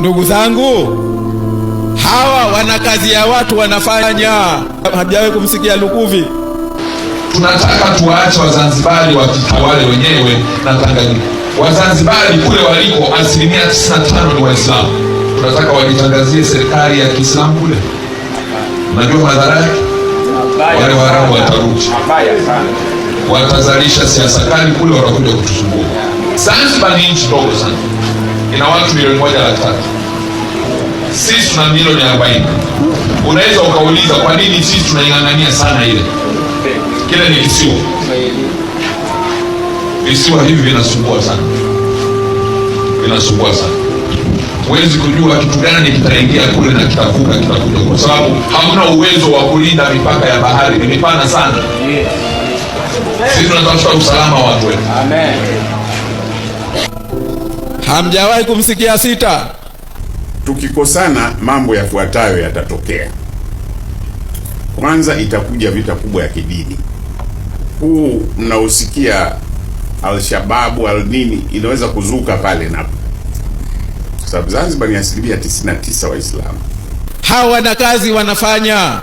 Ndugu zangu, hawa wana kazi ya watu wanafanya. hajawe kumsikia Lukuvi? Tunataka tuwaache Wazanzibari wakitawale wenyewe na Tanganyika. Wazanzibari kule waliko asilimia 95 ni Waislamu. Tunataka wajitangazie serikali ya Kiislamu kule. Unajua madhara yake? Wale Waarabu watarudi, watazalisha siasa kali kule, watakuja kutusumbua. Zanzibar ni nchi ndogo sana ina watu milioni moja la tatu sisi tuna milioni arobaini. Unaweza ukauliza kwa nini sisi tunaing'ang'ania sana ile, kile ni kisiwa. Visiwa hivi vinasumbua sana, vinasumbua sana. Huwezi kujua kitu gani kitaingia kule na kitakuka kitakuja, kwa sababu hamna uwezo wa kulinda mipaka ya bahari, ni mipana sana. Sisi tunatafuta usalama wa watu wetu. Hamjawahi kumsikia sita. Tukikosana mambo yafuatayo yatatokea. Kwanza itakuja vita kubwa ya kidini. Huu mnaosikia Alshababu al nini inaweza kuzuka pale na kwa sababu Zanzibar ni asilimia 99 Waislamu. Hawa wana kazi wanafanya.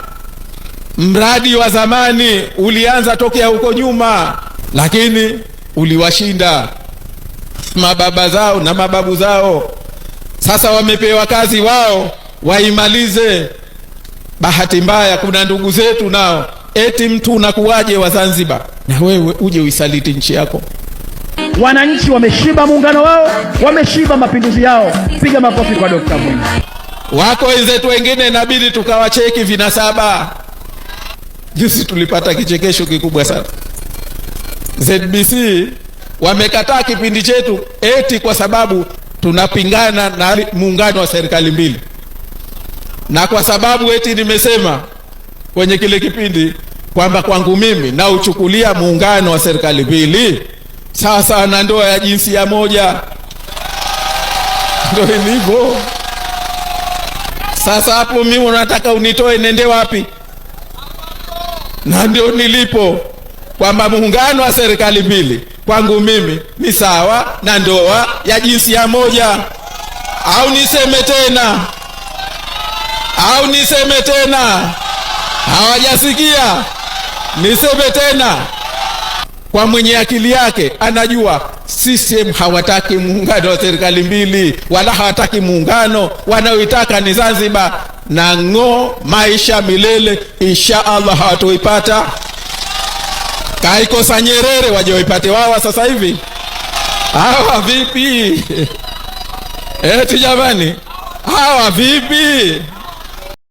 Mradi wa zamani ulianza tokea huko nyuma, lakini uliwashinda mababa zao na mababu zao. Sasa wamepewa kazi wao waimalize. Bahati mbaya, kuna ndugu zetu nao eti mtu unakuwaje wa Zanzibar na wewe uje uisaliti nchi yako. Wananchi wameshiba muungano wao, wameshiba mapinduzi yao. Piga makofi kwa Dkt. Mwinyi. Wako wenzetu wengine inabidi tukawacheki vinasaba. Juzi tulipata kichekesho kikubwa sana ZBC Wamekataa kipindi chetu eti kwa sababu tunapingana na muungano wa serikali mbili, na kwa sababu eti nimesema kwenye kile kipindi kwamba kwangu mimi nauchukulia muungano wa serikali mbili sawa sawa na ndoa ya jinsia moja. Ndio ilivyo sasa. Hapo mimi unataka unitoe nende wapi? Na ndio nilipo kwamba muungano wa serikali mbili kwangu mimi ni sawa na ndoa ya jinsia moja, au niseme tena, au niseme tena, hawajasikia? Niseme tena, kwa mwenye akili yake anajua CCM hawataki muungano wa serikali mbili, wala hawataki muungano, wanaoitaka ni Zanzibar na ng'o maisha milele. Insha Allah hawatoipata kaikosa Nyerere waje waipate wawa sasa hivi hawa vipi? Eti jamani, hawa vipi?